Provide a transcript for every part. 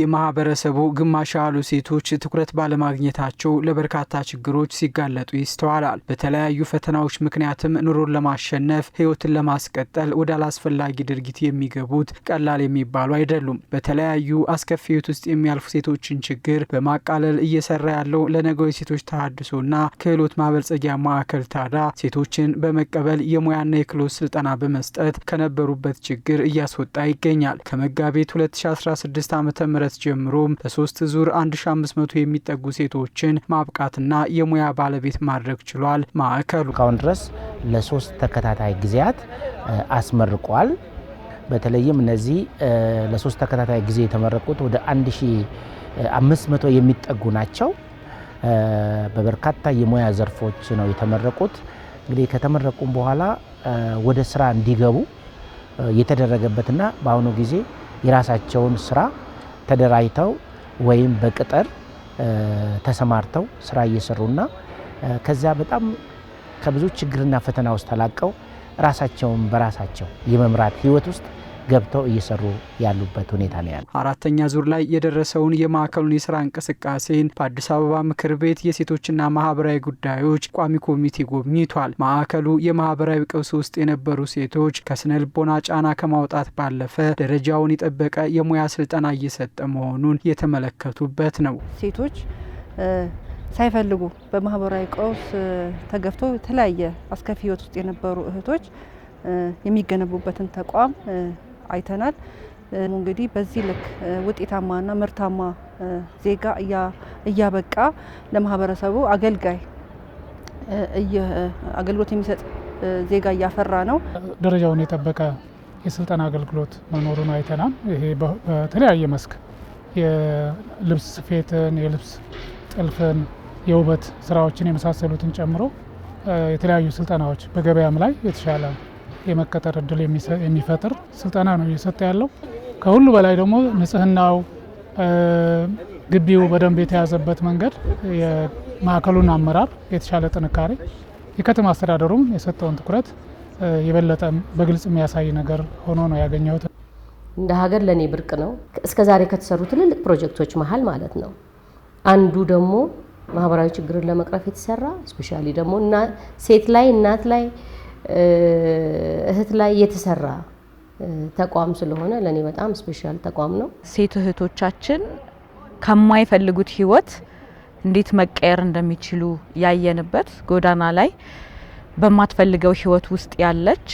የማህበረሰቡ ግማሽ ያህሉ ሴቶች ትኩረት ባለማግኘታቸው ለበርካታ ችግሮች ሲጋለጡ ይስተዋላል። በተለያዩ ፈተናዎች ምክንያትም ኑሮን ለማሸነፍ ህይወትን ለማስቀጠል ወደ አላስፈላጊ ድርጊት የሚገቡት ቀላል የሚባሉ አይደሉም። በተለያዩ አስከፊ ውስጥ የሚያልፉ ሴቶችን ችግር በማቃለል እየሰራ ያለው ለነገው የሴቶች ተሃድሶና ክህሎት ማበልጸጊያ ማዕከል ታዳ ሴቶችን በመቀበል የሙያና የክህሎት ስልጠና በመስጠት ከነበሩበት ችግር እያስወጣ ይገኛል። ከመጋቢት 2016 ዓ.ም ጀምሮ በሶስት ዙር 1500 የሚጠጉ ሴቶችን ማብቃትና የሙያ ባለቤት ማድረግ ችሏል። ማዕከሉ እስካሁን ድረስ ለሶስት ተከታታይ ጊዜያት አስመርቋል። በተለይም እነዚህ ለሶስት ተከታታይ ጊዜ የተመረቁት ወደ 1500 የሚጠጉ ናቸው። በበርካታ የሙያ ዘርፎች ነው የተመረቁት። እንግዲህ ከተመረቁም በኋላ ወደ ስራ እንዲገቡ የተደረገበትና በአሁኑ ጊዜ የራሳቸውን ስራ ተደራጅተው ወይም በቅጥር ተሰማርተው ስራ እየሰሩና ከዚያ በጣም ከብዙ ችግርና ፈተና ውስጥ ተላቀው ራሳቸውን በራሳቸው የመምራት ህይወት ውስጥ ገብተው እየሰሩ ያሉበት ሁኔታ ነው ያለ። አራተኛ ዙር ላይ የደረሰውን የማዕከሉን የስራ እንቅስቃሴን በአዲስ አበባ ምክር ቤት የሴቶችና ማህበራዊ ጉዳዮች ቋሚ ኮሚቴ ጎብኝቷል። ማዕከሉ የማህበራዊ ቀውስ ውስጥ የነበሩ ሴቶች ከስነ ልቦና ጫና ከማውጣት ባለፈ ደረጃውን የጠበቀ የሙያ ስልጠና እየሰጠ መሆኑን የተመለከቱበት ነው። ሴቶች ሳይፈልጉ በማህበራዊ ቀውስ ተገፍቶ የተለያየ አስከፊ ህይወት ውስጥ የነበሩ እህቶች የሚገነቡበትን ተቋም አይተናል። እንግዲህ በዚህ ልክ ውጤታማና ምርታማ ዜጋ እያበቃ ለማህበረሰቡ አገልጋይ አገልግሎት የሚሰጥ ዜጋ እያፈራ ነው። ደረጃውን የጠበቀ የስልጠና አገልግሎት መኖሩን አይተናል። ይሄ በተለያየ መስክ የልብስ ስፌትን፣ የልብስ ጥልፍን፣ የውበት ስራዎችን የመሳሰሉትን ጨምሮ የተለያዩ ስልጠናዎች በገበያም ላይ የተሻለ የመቀጠር እድል የሚፈጥር ስልጠና ነው እየሰጠ ያለው። ከሁሉ በላይ ደግሞ ንጽህናው፣ ግቢው በደንብ የተያዘበት መንገድ የማዕከሉን አመራር የተሻለ ጥንካሬ፣ የከተማ አስተዳደሩም የሰጠውን ትኩረት የበለጠ በግልጽ የሚያሳይ ነገር ሆኖ ነው ያገኘሁት። እንደ ሀገር ለእኔ ብርቅ ነው እስከ ዛሬ ከተሰሩ ትልልቅ ፕሮጀክቶች መሀል ማለት ነው። አንዱ ደግሞ ማህበራዊ ችግርን ለመቅረፍ የተሰራ ስፔሻሊ ደግሞ ሴት ላይ እናት ላይ እህት ላይ የተሰራ ተቋም ስለሆነ ለእኔ በጣም ስፔሻል ተቋም ነው። ሴት እህቶቻችን ከማይፈልጉት ህይወት እንዴት መቀየር እንደሚችሉ ያየንበት ጎዳና ላይ በማትፈልገው ህይወት ውስጥ ያለች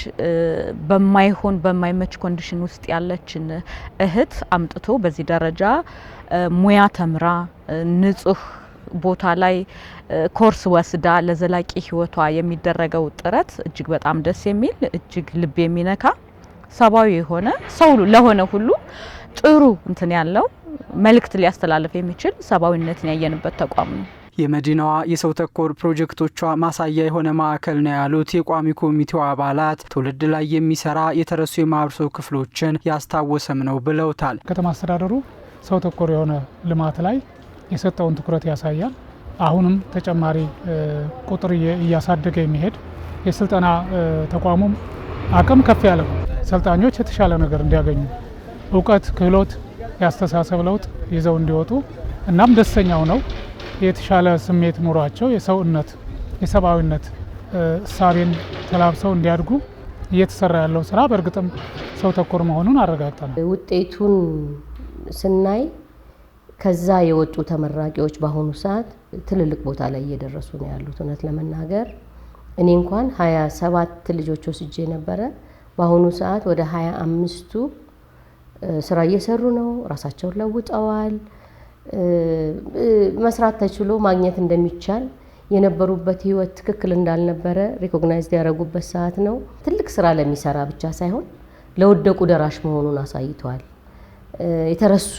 በማይሆን በማይመች ኮንዲሽን ውስጥ ያለችን እህት አምጥቶ በዚህ ደረጃ ሙያ ተምራ ንጹህ ቦታ ላይ ኮርስ ወስዳ ለዘላቂ ህይወቷ የሚደረገው ጥረት እጅግ በጣም ደስ የሚል እጅግ ልብ የሚነካ ሰብአዊ የሆነ ሰው ለሆነ ሁሉ ጥሩ እንትን ያለው መልእክት ሊያስተላልፍ የሚችል ሰብአዊነትን ያየንበት ተቋም ነው። የመዲናዋ የሰው ተኮር ፕሮጀክቶቿ ማሳያ የሆነ ማዕከል ነው ያሉት የቋሚ ኮሚቴው አባላት ትውልድ ላይ የሚሰራ የተረሱ የማህበረሰብ ክፍሎችን ያስታወሰም ነው ብለውታል። ከተማ አስተዳደሩ ሰው ተኮር የሆነ ልማት ላይ የሰጠውን ትኩረት ያሳያል። አሁንም ተጨማሪ ቁጥር እያሳደገ የሚሄድ የስልጠና ተቋሙም አቅም ከፍ ያለ ሰልጣኞች የተሻለ ነገር እንዲያገኙ እውቀት፣ ክህሎት፣ የአስተሳሰብ ለውጥ ይዘው እንዲወጡ እናም ደስተኛው ነው የተሻለ ስሜት ኑሯቸው የሰውነት የሰብአዊነት እሳቤን ተላብሰው እንዲያድጉ እየተሰራ ያለው ስራ በእርግጥም ሰው ተኮር መሆኑን አረጋግጠናል። ውጤቱን ስናይ ከዛ የወጡ ተመራቂዎች በአሁኑ ሰዓት ትልልቅ ቦታ ላይ እየደረሱ ነው ያሉት። እውነት ለመናገር እኔ እንኳን ሀያ ሰባት ልጆች ወስጄ ነበረ። በአሁኑ ሰዓት ወደ ሀያ አምስቱ ስራ እየሰሩ ነው። ራሳቸውን ለውጠዋል። መስራት ተችሎ ማግኘት እንደሚቻል የነበሩበት ህይወት ትክክል እንዳልነበረ ሪኮግናይዝድ ያደረጉበት ሰዓት ነው። ትልቅ ስራ ለሚሰራ ብቻ ሳይሆን ለወደቁ ደራሽ መሆኑን አሳይተዋል። የተረሱ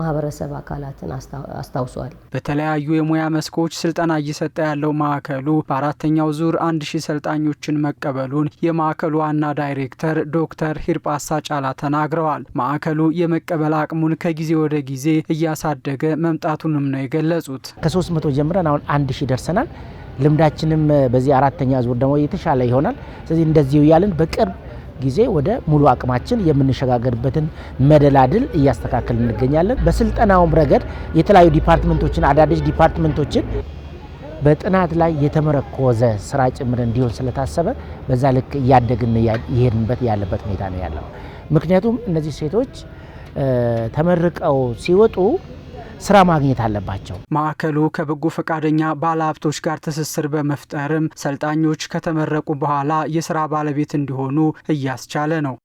ማህበረሰብ አካላትን አስታውሷል። በተለያዩ የሙያ መስኮች ስልጠና እየሰጠ ያለው ማዕከሉ በአራተኛው ዙር አንድ ሺህ ሰልጣኞችን መቀበሉን የማዕከሉ ዋና ዳይሬክተር ዶክተር ሂርጳሳ ጫላ ተናግረዋል። ማዕከሉ የመቀበል አቅሙን ከጊዜ ወደ ጊዜ እያሳደገ መምጣቱንም ነው የገለጹት። ከሶስት መቶ ጀምረን አሁን አንድ ሺህ ደርሰናል። ልምዳችንም በዚህ አራተኛ ዙር ደግሞ የተሻለ ይሆናል። ስለዚህ እንደዚሁ እያልን በቅርብ ጊዜ ወደ ሙሉ አቅማችን የምንሸጋገርበትን መደላድል እያስተካከል እንገኛለን። በስልጠናውም ረገድ የተለያዩ ዲፓርትመንቶችን አዳዲስ ዲፓርትመንቶችን በጥናት ላይ የተመረኮዘ ስራ ጭምር እንዲሆን ስለታሰበ በዛ ልክ እያደግን ይሄድንበት ያለበት ሁኔታ ነው ያለው። ምክንያቱም እነዚህ ሴቶች ተመርቀው ሲወጡ ስራ ማግኘት አለባቸው። ማዕከሉ ከበጎ ፈቃደኛ ባለሀብቶች ጋር ትስስር በመፍጠርም ሰልጣኞች ከተመረቁ በኋላ የስራ ባለቤት እንዲሆኑ እያስቻለ ነው።